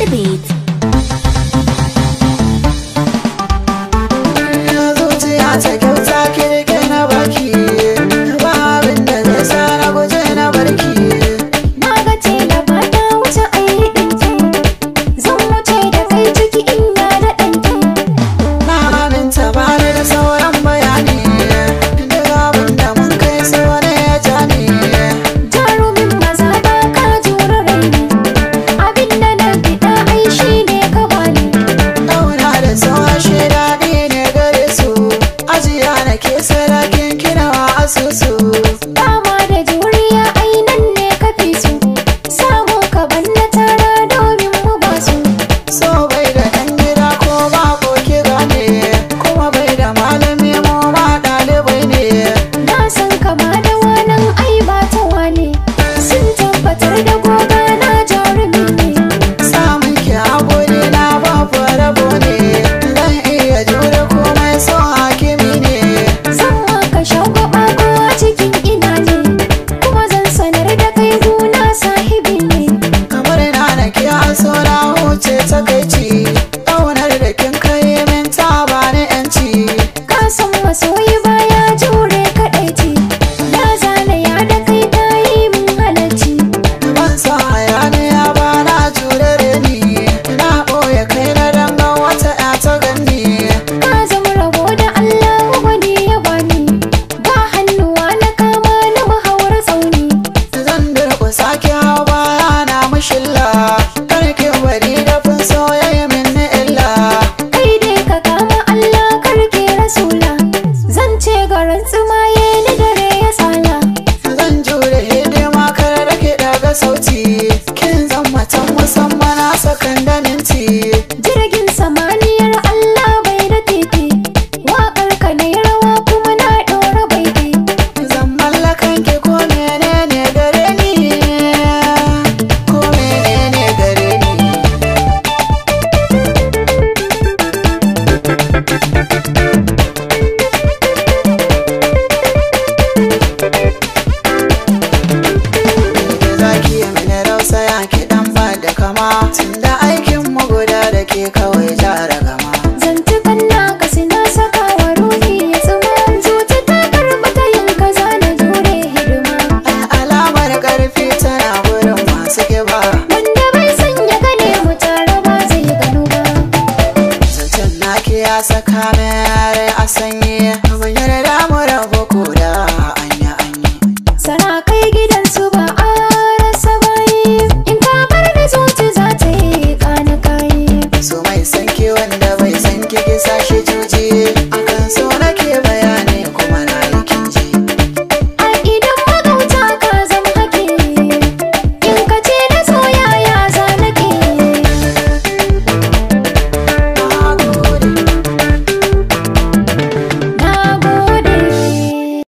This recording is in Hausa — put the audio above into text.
the beat. kiss her. kamin a sanyi.